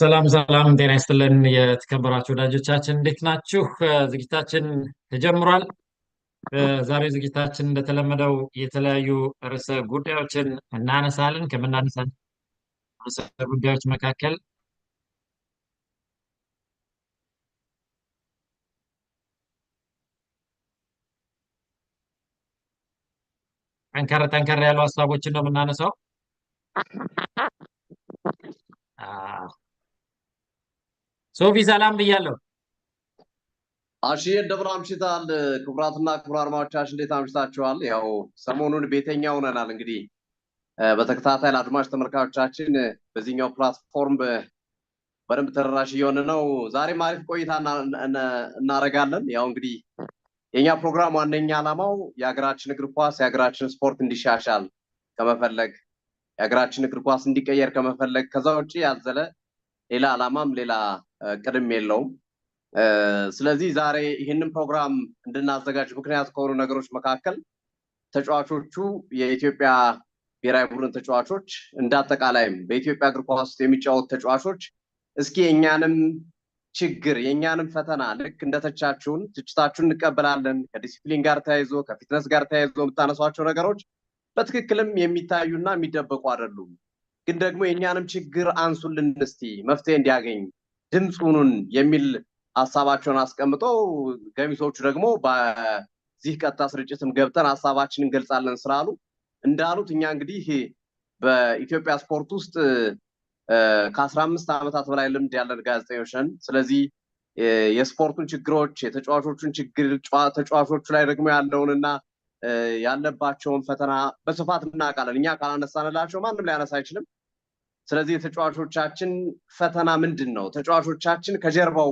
ሰላም ሰላም፣ ጤና ይስጥልን የተከበራችሁ ወዳጆቻችን እንዴት ናችሁ? ዝግጅታችን ተጀምሯል። በዛሬው ዝግጅታችን እንደተለመደው የተለያዩ ርዕሰ ጉዳዮችን እናነሳለን። ከምናነሳ ርዕሰ ጉዳዮች መካከል ጠንከር ጠንከር ያሉ ሀሳቦችን ነው የምናነሳው። ሶፊ ሰላም ብያለሁ። አሽዬ ደብረ አምሽታል? ክቡራትና ክቡር አድማጮቻችን እንዴት አምሽታችኋል? ያው ሰሞኑን ቤተኛ ሆነናል። እንግዲህ በተከታታይ ለአድማጭ ተመልካቾቻችን በዚህኛው ፕላትፎርም በደንብ ተደራሽ እየሆነ ነው። ዛሬም አሪፍ ቆይታ እናደርጋለን። ያው እንግዲህ የኛ ፕሮግራም ዋነኛ ዓላማው የሀገራችን እግር ኳስ የሀገራችን ስፖርት እንዲሻሻል ከመፈለግ የሀገራችን እግር ኳስ እንዲቀየር ከመፈለግ ከዛ ውጭ ያዘለ ሌላ ዓላማም ሌላ ቅድም የለውም። ስለዚህ ዛሬ ይህንን ፕሮግራም እንድናዘጋጅ ምክንያት ከሆኑ ነገሮች መካከል ተጫዋቾቹ የኢትዮጵያ ብሔራዊ ቡድን ተጫዋቾች እንደ አጠቃላይም በኢትዮጵያ እግር ኳስ ውስጥ የሚጫወቱ ተጫዋቾች እስኪ የእኛንም ችግር የእኛንም ፈተና ልክ እንደተቻችሁን ትችታችሁን እንቀበላለን። ከዲሲፕሊን ጋር ተያይዞ ከፊትነስ ጋር ተያይዞ የምታነሷቸው ነገሮች በትክክልም የሚታዩና የሚደበቁ አይደሉም። ግን ደግሞ የእኛንም ችግር አንሱልን እስቲ መፍትሄ እንዲያገኝ ድምፁኑን የሚል ሀሳባቸውን አስቀምጠው ገሚሶቹ ደግሞ በዚህ ቀጥታ ስርጭትም ገብተን ሀሳባችን እንገልጻለን ስላሉ እንዳሉት እኛ እንግዲህ በኢትዮጵያ ስፖርት ውስጥ ከአስራ አምስት ዓመታት በላይ ልምድ ያለን ጋዜጠኞች ነን። ስለዚህ የስፖርቱን ችግሮች፣ የተጫዋቾቹን ችግር፣ ተጫዋቾቹ ላይ ደግሞ ያለውንና ያለባቸውን ፈተና በስፋት እናውቃለን። እኛ ካላነሳንላቸው ማንም ሊያነሳ አይችልም። ስለዚህ የተጫዋቾቻችን ፈተና ምንድን ነው? ተጫዋቾቻችን ከጀርባው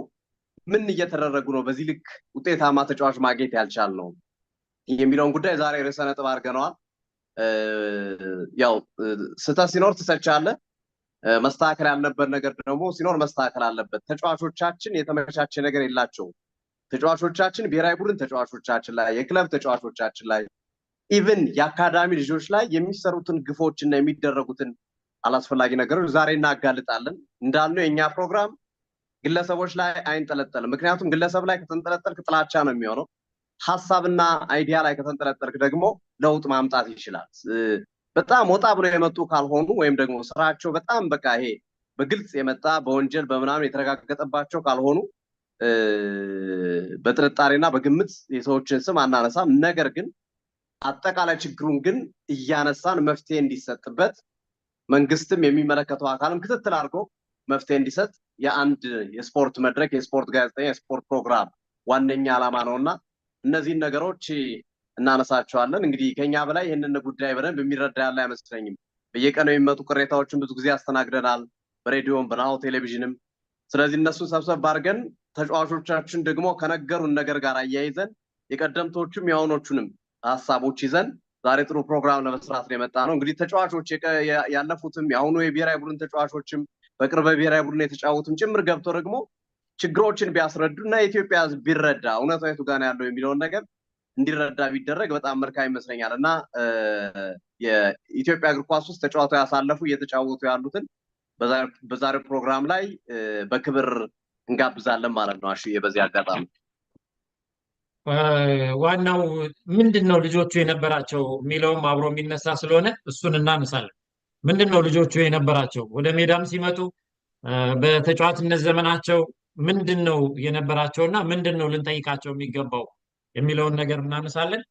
ምን እየተደረጉ ነው? በዚህ ልክ ውጤታማ ተጫዋች ማግኘት ያልቻል ነው የሚለውን ጉዳይ ዛሬ ርዕሰ ነጥብ አድርገነዋል። ያው ስህተት ሲኖር ትሰቻለህ፣ መስተካከል ያለበት ነገር ደግሞ ሲኖር መስተካከል አለበት። ተጫዋቾቻችን የተመቻቸ ነገር የላቸው ተጫዋቾቻችን ብሔራዊ ቡድን ተጫዋቾቻችን ላይ፣ የክለብ ተጫዋቾቻችን ላይ ኢቭን የአካዳሚ ልጆች ላይ የሚሰሩትን እና የሚደረጉትን አላስፈላጊ ነገሮች ዛሬ እናጋልጣለን። እንዳልነው የእኛ ፕሮግራም ግለሰቦች ላይ አይንጠለጠልም። ምክንያቱም ግለሰብ ላይ ከተንጠለጠልክ ጥላቻ ነው የሚሆነው። ሀሳብና አይዲያ ላይ ከተንጠለጠልክ ደግሞ ለውጥ ማምጣት ይችላል። በጣም ወጣ ብለው የመጡ ካልሆኑ ወይም ደግሞ ስራቸው በጣም በቃ ይሄ በግልጽ የመጣ በወንጀል በምናምን የተረጋገጠባቸው ካልሆኑ በጥርጣሬና በግምት የሰዎችን ስም አናነሳም። ነገር ግን አጠቃላይ ችግሩን ግን እያነሳን መፍትሄ እንዲሰጥበት መንግስትም የሚመለከተው አካልም ክትትል አድርጎ መፍትሄ እንዲሰጥ የአንድ የስፖርት መድረክ የስፖርት ጋዜጠኛ የስፖርት ፕሮግራም ዋነኛ ዓላማ ነው እና እነዚህን ነገሮች እናነሳቸዋለን። እንግዲህ ከኛ በላይ ይህንን ጉዳይ በደንብ የሚረዳ ያለ አይመስለኝም። በየቀኑ የሚመጡ ቅሬታዎችን ብዙ ጊዜ አስተናግደናል፣ በሬዲዮም በናሁ ቴሌቪዥንም። ስለዚህ እነሱን ሰብሰብ አድርገን ተጫዋቾቻችን ደግሞ ከነገሩን ነገር ጋር አያይዘን የቀደምቶቹም የአሁኖቹንም ሀሳቦች ይዘን ዛሬ ጥሩ ፕሮግራም ለመስራት ነው የመጣ ነው። እንግዲህ ተጫዋቾች ያለፉትም የአሁኑ የብሔራዊ ቡድን ተጫዋቾችም በቅርብ ብሔራዊ ቡድን የተጫወቱም ጭምር ገብቶ ደግሞ ችግሮችን ቢያስረዱ እና የኢትዮጵያ ሕዝብ ቢረዳ እውነታው የቱ ጋር ያለው የሚለውን ነገር እንዲረዳ ቢደረግ በጣም መልካም ይመስለኛል እና የኢትዮጵያ እግር ኳስ ውስጥ ተጫዋቶ ያሳለፉ እየተጫወቱ ያሉትን በዛሬው ፕሮግራም ላይ በክብር እንጋብዛለን ማለት ነው። አሽዬ በዚህ አጋጣሚ ዋናው ምንድን ነው ልጆቹ የነበራቸው የሚለውም አብሮ የሚነሳ ስለሆነ እሱን እናነሳለን። ምንድን ነው ልጆቹ የነበራቸው ወደ ሜዳም ሲመጡ በተጫዋችነት ዘመናቸው ምንድን ነው የነበራቸው እና ምንድን ነው ልንጠይቃቸው የሚገባው የሚለውን ነገር እናነሳለን።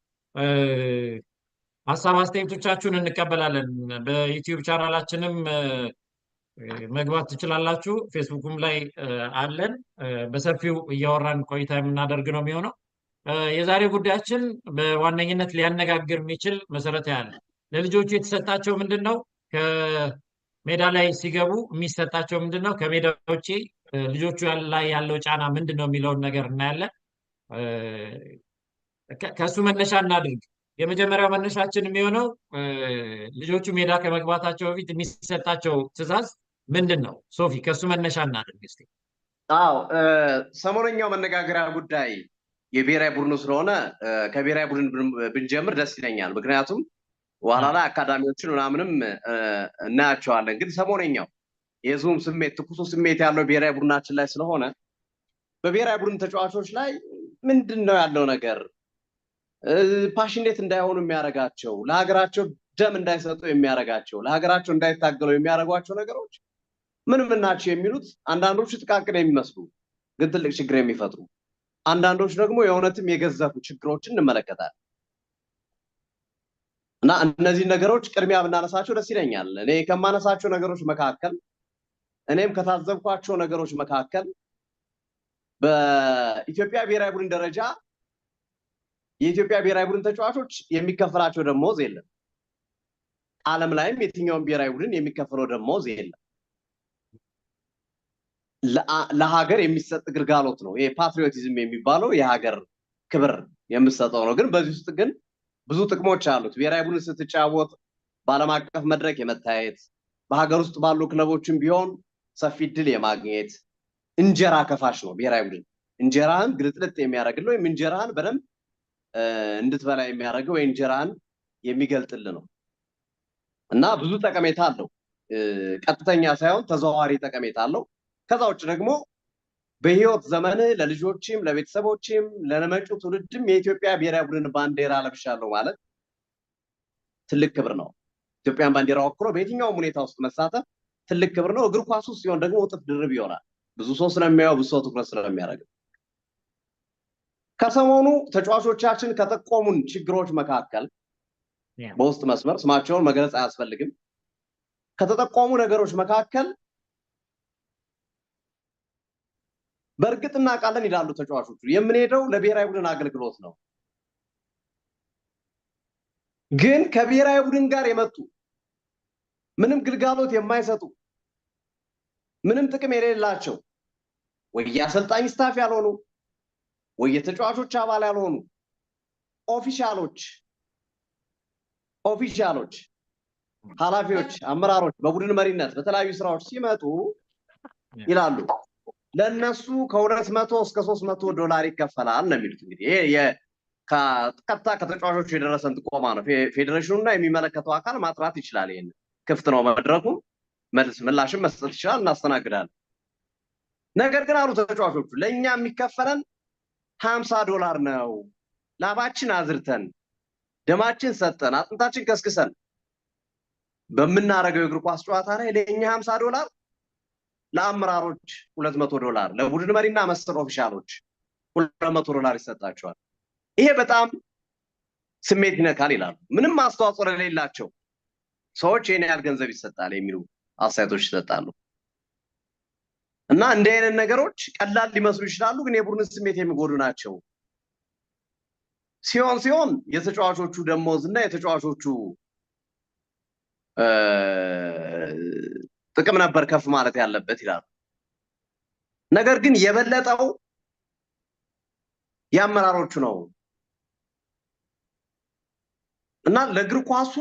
ሀሳብ አስተያየቶቻችሁን እንቀበላለን። በዩትዩብ ቻናላችንም መግባት ትችላላችሁ። ፌስቡክም ላይ አለን። በሰፊው እያወራን ቆይታ የምናደርግ ነው የሚሆነው። የዛሬ ጉዳያችን በዋነኝነት ሊያነጋግር የሚችል መሰረት ያለ ለልጆቹ የተሰጣቸው ምንድን ነው? ከሜዳ ላይ ሲገቡ የሚሰጣቸው ምንድን ነው? ከሜዳ ውጭ ልጆቹ ላይ ያለው ጫና ምንድን ነው የሚለውን ነገር እናያለን። ከእሱ መነሻ እናድርግ። የመጀመሪያው መነሻችን የሚሆነው ልጆቹ ሜዳ ከመግባታቸው በፊት የሚሰጣቸው ትዕዛዝ ምንድን ነው? ሶፊ ከእሱ መነሻ እናድርግ እስኪ። አዎ ሰሞነኛው መነጋገሪያ ጉዳይ የብሔራዊ ቡድኑ ስለሆነ ከብሔራዊ ቡድን ብንጀምር ደስ ይለኛል። ምክንያቱም በኋላ ላይ አካዳሚዎችን ምናምንም እናያቸዋለን። ግን ሰሞነኛው የዙም ስሜት ትኩሱ ስሜት ያለው ብሔራዊ ቡድናችን ላይ ስለሆነ በብሔራዊ ቡድን ተጫዋቾች ላይ ምንድን ነው ያለው ነገር ፓሽኔት እንዳይሆኑ የሚያደርጋቸው ለሀገራቸው ደም እንዳይሰጡ የሚያደርጋቸው ለሀገራቸው እንዳይታገለው የሚያደርጓቸው ነገሮች ምን ምን ናቸው የሚሉት አንዳንዶቹ ጥቃቅን የሚመስሉ ግን ትልቅ ችግር የሚፈጥሩ አንዳንዶች ደግሞ የእውነትም የገዘፉ ችግሮችን እንመለከታለን። እና እነዚህ ነገሮች ቅድሚያ ብናነሳቸው ደስ ይለኛል። እኔ ከማነሳቸው ነገሮች መካከል እኔም ከታዘብኳቸው ነገሮች መካከል በኢትዮጵያ ብሔራዊ ቡድን ደረጃ የኢትዮጵያ ብሔራዊ ቡድን ተጫዋቾች የሚከፈላቸው ደሞዝ የለም። ዓለም ላይም የትኛውም ብሔራዊ ቡድን የሚከፈለው ደሞዝ የለም። ለሀገር የሚሰጥ ግልጋሎት ነው። ይሄ ፓትሪዮቲዝም የሚባለው የሀገር ክብር የምሰጠው ነው። ግን በዚህ ውስጥ ግን ብዙ ጥቅሞች አሉት። ብሔራዊ ቡድን ስትጫወት በአለም አቀፍ መድረክ የመታየት በሀገር ውስጥ ባሉ ክለቦችም ቢሆን ሰፊ ድል የማግኘት እንጀራ ከፋሽ ነው። ብሔራዊ ቡድን እንጀራህን ግልጥልጥ የሚያደረግል ወይም እንጀራህን በደንብ እንድትበላ የሚያደርገው ወይ እንጀራህን የሚገልጥል ነው እና ብዙ ጠቀሜታ አለው። ቀጥተኛ ሳይሆን ተዘዋዋሪ ጠቀሜታ አለው። ከዛ ውጭ ደግሞ በህይወት ዘመን ለልጆችም ለቤተሰቦችም ለመጪው ትውልድም የኢትዮጵያ ብሔራዊ ቡድን ባንዲራ ለብሻለሁ ማለት ትልቅ ክብር ነው። ኢትዮጵያን ባንዲራ ወክሎ በየትኛውም ሁኔታ ውስጥ መሳተፍ ትልቅ ክብር ነው። እግር ኳሱ ሲሆን ደግሞ እጥፍ ድርብ ይሆናል። ብዙ ሰው ስለሚያየው፣ ብዙ ሰው ትኩረት ስለሚያደርግ። ከሰሞኑ ተጫዋቾቻችን ከጠቆሙን ችግሮች መካከል በውስጥ መስመር ስማቸውን መግለጽ አያስፈልግም ከተጠቆሙ ነገሮች መካከል በእርግጥ እናውቃለን ይላሉ ተጫዋቾቹ፣ የምንሄደው ለብሔራዊ ቡድን አገልግሎት ነው። ግን ከብሔራዊ ቡድን ጋር የመጡ ምንም ግልጋሎት የማይሰጡ ምንም ጥቅም የሌላቸው ወይ የአሰልጣኝ ስታፍ ያልሆኑ ወይ የተጫዋቾች አባል ያልሆኑ ኦፊሻሎች ኦፊሻሎች ኃላፊዎች፣ አመራሮች በቡድን መሪነት በተለያዩ ስራዎች ሲመጡ ይላሉ ለእነሱ ከሁለት መቶ እስከ ሶስት መቶ ዶላር ይከፈላል ነው የሚሉት። እንግዲህ ቀጥታ ከተጫዋቾቹ የደረሰን ጥቆማ ነው። ፌዴሬሽኑና የሚመለከተው አካል ማጥራት ይችላል። ይህን ክፍት ነው መልስ ምላሽም መስጠት ይችላል። እናስተናግዳለን። ነገር ግን አሉ ተጫዋቾቹ ለእኛ የሚከፈለን ሀምሳ ዶላር ነው። ላባችን አዝርተን ደማችን ሰጠን አጥንታችን ከስክሰን በምናደርገው የእግር ኳስ ጨዋታ ላይ ለእኛ ሀምሳ ዶላር ለአመራሮች ሁለት መቶ ዶላር ለቡድን መሪና መሰል ኦፊሻሎች ሁለት መቶ ዶላር ይሰጣቸዋል። ይሄ በጣም ስሜት ይነካል ይላሉ። ምንም አስተዋጽኦ ለሌላቸው ሰዎች ይህን ያህል ገንዘብ ይሰጣል የሚሉ አስተያየቶች ይሰጣሉ። እና እንዲህ አይነት ነገሮች ቀላል ሊመስሉ ይችላሉ፣ ግን የቡድን ስሜት የሚጎዱ ናቸው። ሲሆን ሲሆን የተጫዋቾቹ ደሞዝ እና የተጫዋቾቹ ጥቅም ነበር ከፍ ማለት ያለበት ይላሉ። ነገር ግን የበለጠው የአመራሮቹ ነው እና ለእግር ኳሱ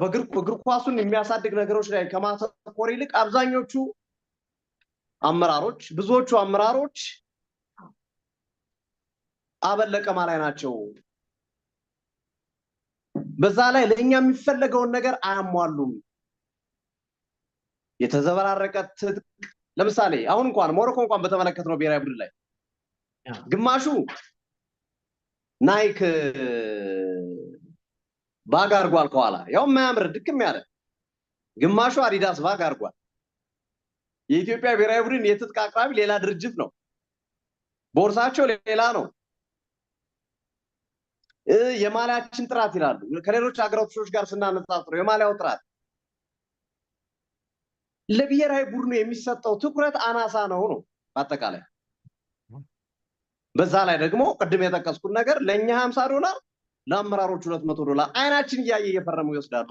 በእግር ኳሱን የሚያሳድግ ነገሮች ላይ ከማተኮር ይልቅ አብዛኞቹ አመራሮች ብዙዎቹ አመራሮች አበለቀማ ላይ ናቸው። በዛ ላይ ለእኛ የሚፈለገውን ነገር አያሟሉም። የተዘበራረቀ ትጥቅ ለምሳሌ አሁን እንኳን ሞሮኮ እንኳን በተመለከት ነው ብሔራዊ ቡድን ላይ ግማሹ ናይክ ባግ አርጓል ከኋላ ያው የማያምር ድክም ያለ ግማሹ አዲዳስ ባግ አርጓል። የኢትዮጵያ ብሔራዊ ቡድን የትጥቅ አቅራቢ ሌላ ድርጅት ነው። ቦርሳቸው ሌላ ነው። የማሊያችን ጥራት ይላሉ። ከሌሎች ሀገራቶች ጋር ስናነጻጽረው የማሊያው ጥራት ለብሔራዊ ቡድኑ የሚሰጠው ትኩረት አናሳ ነው ነው በአጠቃላይ በዛ ላይ ደግሞ ቅድም የጠቀስኩት ነገር ለእኛ ሀምሳ ዶላር ለአመራሮች ሁለት መቶ ዶላር አይናችን እያየ እየፈረሙ ይወስዳሉ።